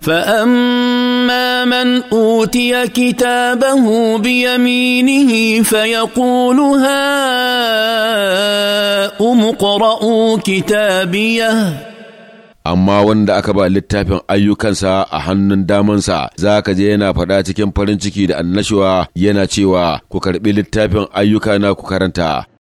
فاما من اوتي كتابه بيمينه فيقول هاؤم اقرءوا كتابيه amma wanda aka ba littafin ayyukansa a hannun damansa za ka je yana faɗa cikin farin ciki da annashuwa yana cewa ku karɓi littafin ayyukana ku karanta